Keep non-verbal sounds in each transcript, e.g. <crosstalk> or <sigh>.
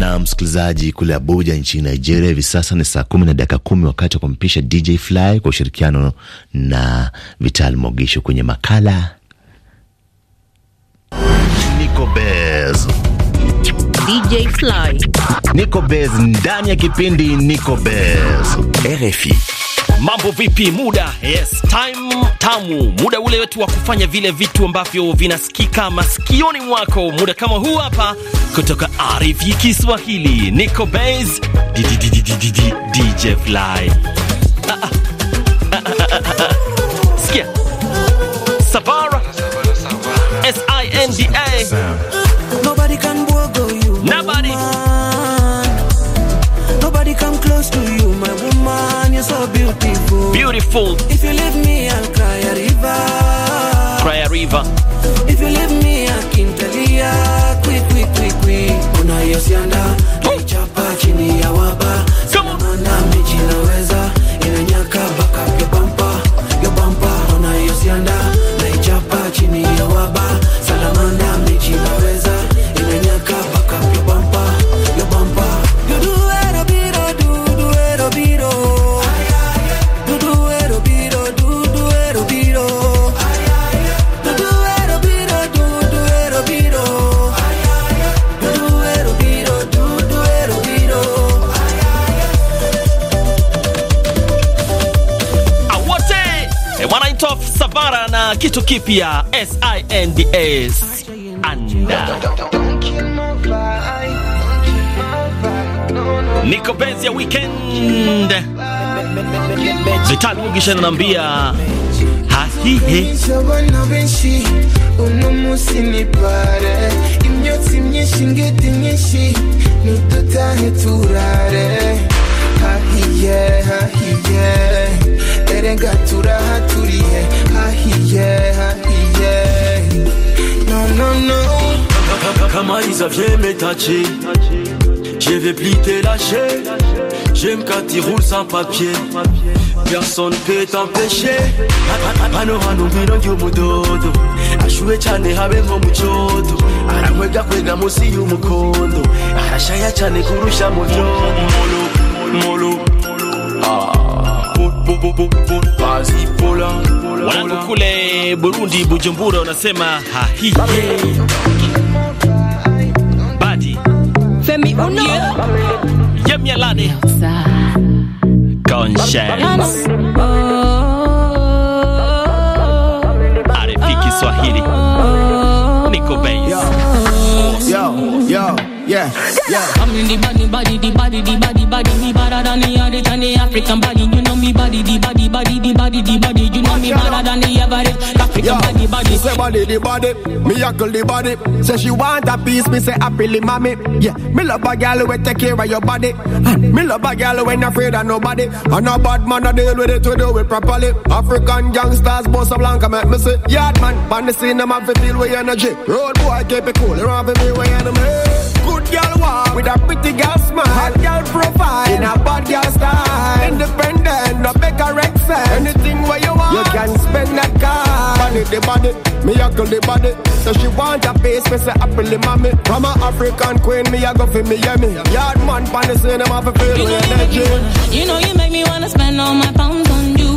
Na msikilizaji, kule Abuja nchini Nigeria hivi sasa ni saa kumi na dakika kumi wakati wa kumpisha DJ Fly kwa ushirikiano na Vital Mogisho kwenye makala Niko Bez. DJ Fly. Bez ndani ya kipindi Niko Bez. RFI. Mambo vipi? Muda yes, time tamu, muda ule wetu wa kufanya vile vitu ambavyo vinasikika masikioni mwako, muda kama huu hapa kutoka RFI Kiswahili. Niko Base DJ Fly. Sikia sabara sinda beautiful. If you leave me, I'll cry a river. Cry a river. If you leave me, I can tell you quick, quick, quick, quick. Una yosianda, chapa. kitu kipya SINDS anda niko benzi ya weekend Vitali Mugisha ananiambia hahihe nshabona turare hahiye hahiye Erenga turahaturiye hahiye hahiye No no no Kamaliza viens metache. Je vais plus te lâcher J'aime quand tu roules sans papier Personne peut t'empêcher Hano hano ngwino ngiumudodo ashuwe chane habe nko mu cyodo aramwegakwega munsi y'umukondo arashaya chane kurusha mu byodo molo molo ah Wanangu kule Burundi, Bujumbura, unasema hahihi badi Femi uno conscience arifiki Swahili niko base yeah, yeah. I'm in the body, body, the body, the body, body. Me better than the other than the African body. You know me body, the body, body, the body, the body. You know me better than the average African body, body, body. Say body, the body. Me uncle the body. Say she want a piece. Me say happily, mommy. Yeah, me love a girl who take care of your body. me love a girl who ain't afraid of nobody. And a bad man I deal with it, to do it properly. African gangsters, boss of Blanca, make me say, yard man. On the scene, I'm having feel with energy. Road boy, keep it cool. You are not have to be with enemy good girl walk with a pretty girl smile. Hot girl profile in a bad girl style. Independent, no beggar, excess. Anything where you want, you can spend that car. Body the body, me a girl the body. So she want a face, me say happily, the mommy. From a African queen, me a go for yummy. Yard man, pan the cinema for feel you know energy. You, wanna, you know you make me wanna spend all my pounds on you.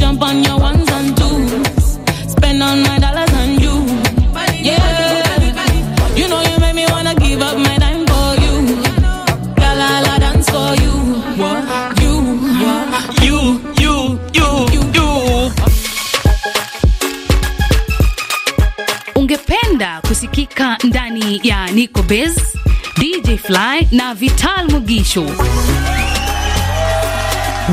Jump on your ones and twos. Spend on my dollars unasikika ndani ya Nico Bez, DJ Fly na Vital Mugisho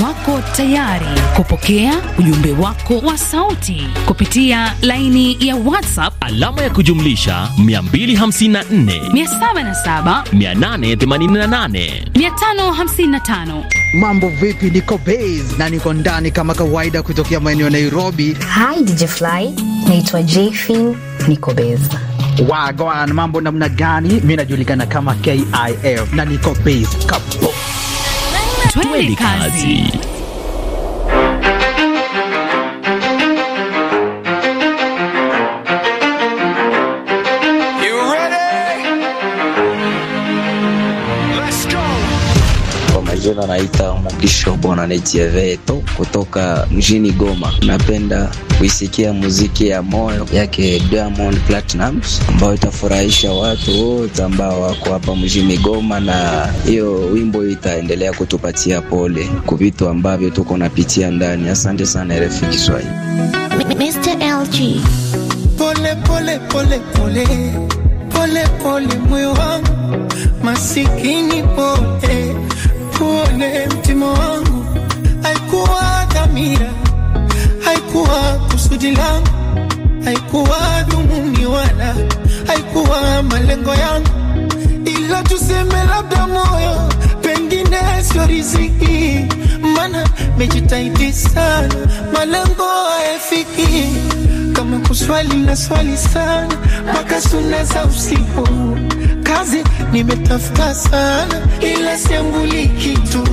wako tayari kupokea ujumbe wako wa sauti kupitia laini ya WhatsApp alama ya kujumlisha 254 77 Mambo vipi? Niko base na niko ndani kama kawaida kutokea maeneo ya Nairobi. Hi DJ Fly, naitwa Jfin, niko base Wagwan, mambo namna gani? mi najulikana kama KIF na niko base kapo. Twende kazi. majina naita mwandishi Bwana Netieveto kutoka mjini Goma. Napenda kuisikia muziki ya moyo yake Diamond Platnumz ambayo itafurahisha watu wote ambao wako hapa mjini Goma, na hiyo wimbo itaendelea kutupatia pole kwa vitu ambavyo tuko napitia ndani. Asante sana RFI Kiswahili. Pole pole pole pole pole pole moyo wangu masikini pole nikuone mtima wangu, haikuwa dhamira, haikuwa kusudi langu, haikuwa dhumuni wala haikuwa malengo yangu, ila tuseme labda moyo pengine sio riziki, mana mejitahidi sana, malengo hayafiki, kama kuswali na swali sana mpaka suna za usiku kazi nimetafuta sana, ila siambuli kitu.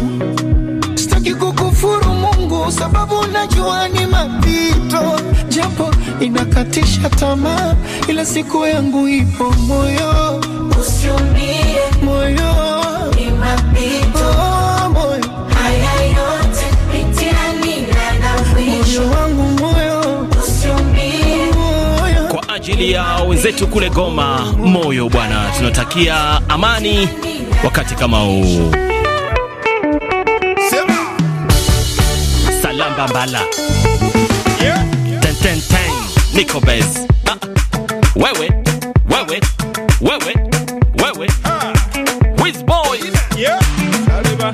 Sitaki kukufuru Mungu, sababu najua ni mapito, japo inakatisha tamaa, ila siku yangu ipo moyo, usiumie ajili ya wenzetu kule Goma moyo bwana, tunatakia amani wakati kama huu. Salamba mbala ten, Niko ah, ah. Wewe wewe wewe wewe ah. Wiz boy yeah. Wiz boy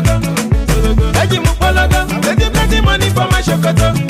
shokoto. Daddy mukbalaga, daddy plenty money for my shakata.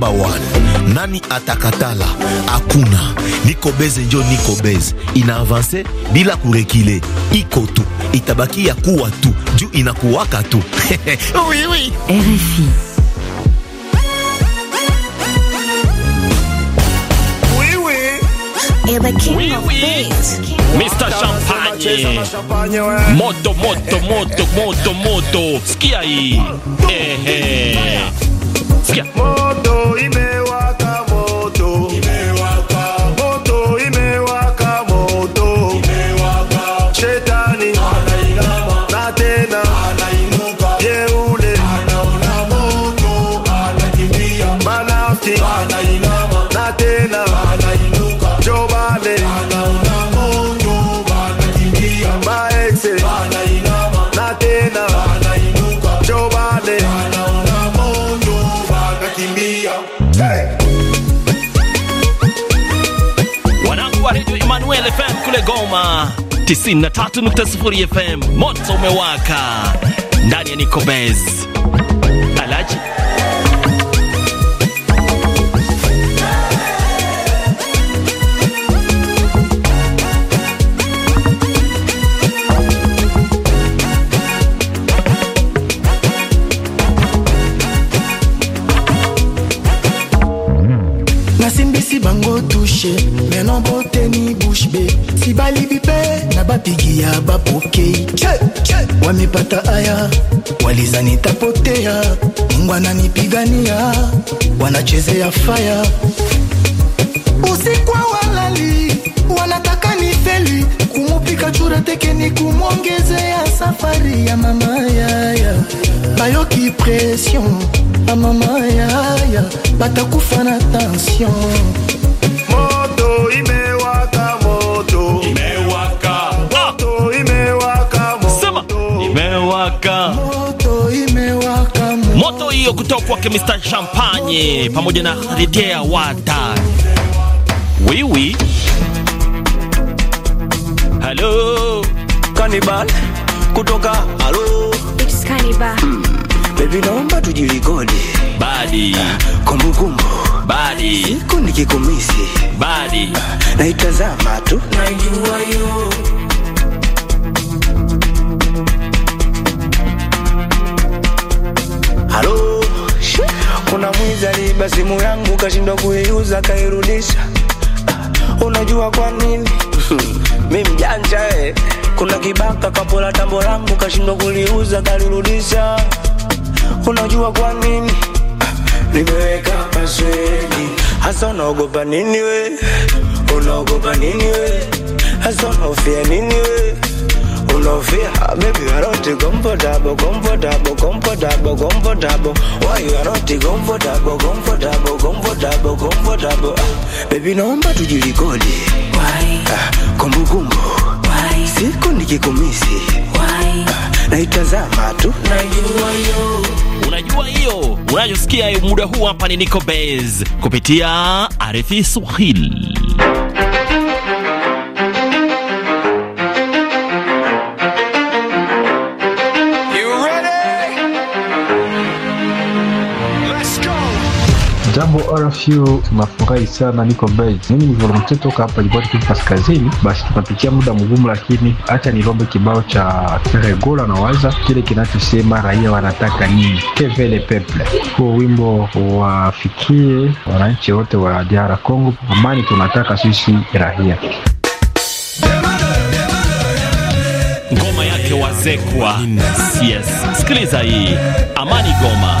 namba 1. Nani atakatala? Hakuna. Niko beze njo niko beze, ina avanse bila kurekile, iko tu itabaki ya kuwa tu juu inakuwaka tu <laughs> oui, oui. RFI Oui, oui. Eh, Mr. Champagne. Moto, moto, eh, moto, eh, moto, moto. Skia hii. Ehe. Sikia. Moto. kule Goma 93.0 FM, moto umewaka ndani ya Nikobez Alaji wamepata aya walizani tapotea, Mungu ananipigania, wanachezea faya, usiku walali, wanataka nifeli, kumupika chura teke ni kumwongezea safari ya mama yaya, bayoki pression ya mama yaya, batakufa na tension moto ime moto hiyo kutoka kwake Mr Champagne pamoja na Redea Wada wiwi Hello Cannibal kutoka Hello It's Cannibal mm. Baby naomba tujirikodi badi kumbukumbu badi siku nikikumisi badi naitazama tu najua yo Kuna mwizi aliiba simu yangu kashindwa kuiuza kairudisha. Ah, unajua kwa nini? <laughs> Mi mjanja eh. Kuna kibaka kapola tambo langu kashindwa kuliuza kalirudisha. Unajua kwa nini? Ah, nimeweka pasweni Hasa unaogopa nini we? Unaogopa nini we? Hasa unaofia nini we? no fear. Baby, you are not comfortable, comfortable, comfortable, comfortable. Why you are not comfortable, comfortable, comfortable, comfortable? Ah, baby, naomba tujirikodi. Why? Ah, kumbukumbu. Why? Siku nikikumisi. Why? Ah, naitazama tu. Najua yo. Unajua hiyo unayosikia muda huu hapa ni Nico Bez kupitia Arifi Swahili. Jambo you, tunafurahi sana, niko bei. Mimi ni volonte toka hapa Jimboni Kivu Kaskazini. Basi tunapitia muda mgumu, lakini acha nilombe kibao cha Regola na Waza kile kinachosema raia wanataka nini, kevele peple. Huo wimbo wafikie wananchi wote wa DR Congo. Amani tunataka sisi raia ngoma yake Wazekwa. Yes, sikiliza hii amani Goma.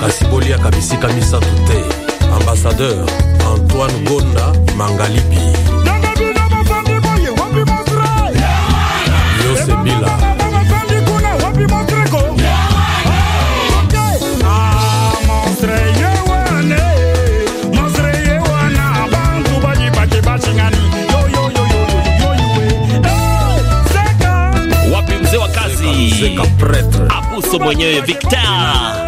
kasi boliaka bisika misato te ambassadeur antoine gonda mangalibi yosebila wapi mzee wa kazi apuso mwenyewe victor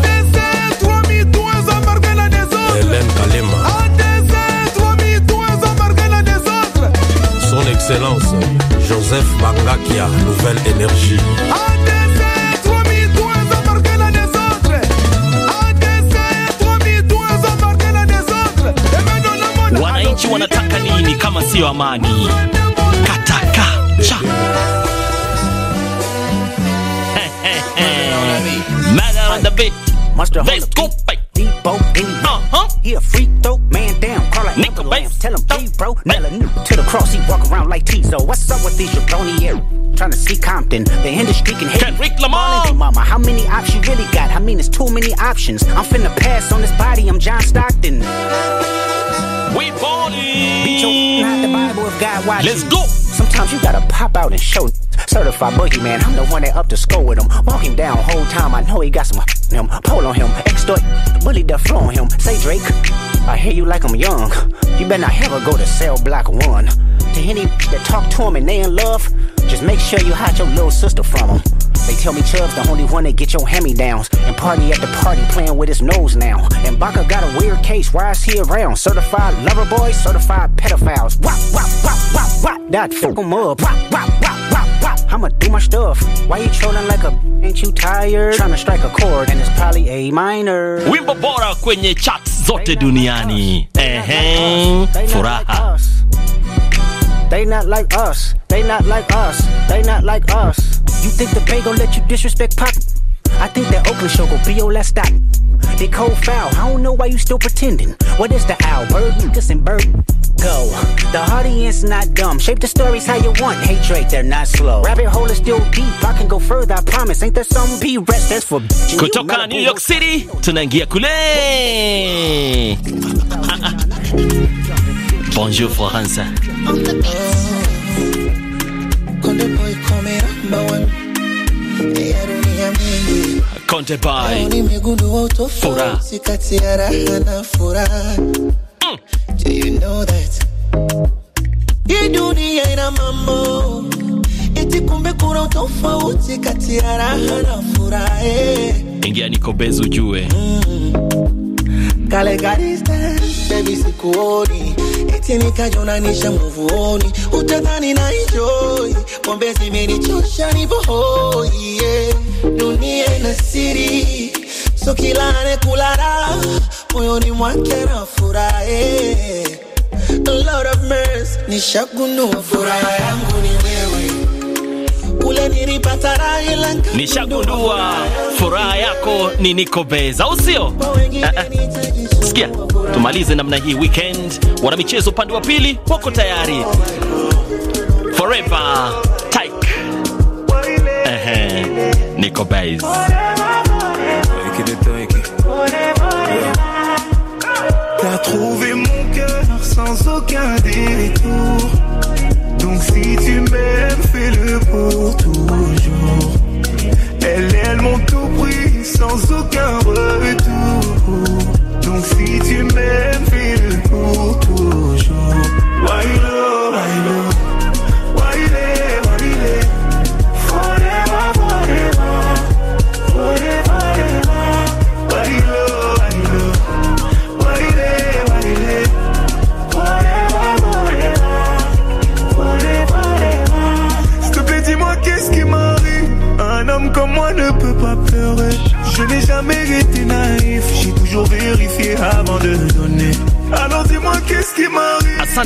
excellence, Joseph Bangakia, nouvelle énergie. Wananchi wanataka nini kama sio amani? Kataka cha Master Let's go. Debo, uh-huh. he a free throw man down. Call like Nickel Lamb. Tell him D bro, these jabroni Trying to see Compton, the industry can hit. Kendrick Lamar. Mama, how many options you really got? I mean, it's too many options. I'm finna pass on this body. I'm John Stockton. We ballin'. Beat your not the Bible if God watches. Let's go. Sometimes you gotta pop out and show. Certified boogeyman, I'm the one that up to score with him. Walk him down whole time, I know he got some him. Pull on him, extort, bully the floor on him. Say Drake, I hear you like I'm young. You better not ever go to cell block one. To any that talk to him and they in love, just make sure you hide your little sister from him. They tell me Chubb's the only one that get your hand-me-downs And party at the party playing with his nose now And Baka got a weird case, why is he around? Certified lover boys, certified pedophiles Wop, wop, wop, wop, wop, that fuck him up Wop, wop, wop, wop, wop, I'ma do my stuff Why you trolling like a ain't you tired? Trying to strike a chord and it's probably A minor Wimbo bora kwenye chat zote duniani Ehe, furaha they not like us. They not like us. They not like us. You think the Bay gon' let you disrespect Pop? I think that Oakland show gon' be your last stop. They cold foul. I don't know why you still pretending. What is the owl? Bird, niggas, and bird. Go. The audience not dumb. Shape the stories how you want. Hate rate, they're not slow. Rabbit hole is still deep. I can go further, I promise. Ain't there some be rest? That's for kutoka New York City tunangia kule. <laughs> Bonjour Faransa. on the oh. boy Nimegundua utofauti kati ya raha na furaha. Do you know that? Hii dunia ina mambo. Eti kumbe kuna utofauti kati ya raha na furaha. Eh. Ingia Niko Base ujue. Mm kale distance baby sikuoni eti nikajonanisha nguvuoni utadhani na enjoy pombe zimenichosha nivohoi yeah. dunia ina siri so kila anekulala moyoni mwake na furahe eh. a lot of mercy nishagundua furaha yangu ni wewe kule nilipata Nishagundua furaha yako ni niko nikobeza, au sio? Eh, eh. Sikia, tumalize namna hii weekend. Wana michezo upande wa pili wako tayari. Forever Tyke, ehe, nikobeza T'as trouvé mon cœur sans aucun détour Donc si tu m'aimes, fais-le pour toujours. Elle, elle m'ont tout pris sans aucun retour. Donc si tu m'aimes, fais-le pour toujours.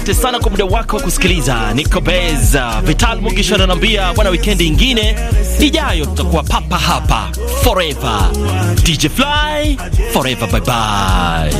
Asante sana kwa muda wako wa kusikiliza. Niko Beza uh, Vital Mugisho ananambia bwana, wikendi ingine ijayo tutakuwa papa hapa forever. DJ Fly forever, bye bye.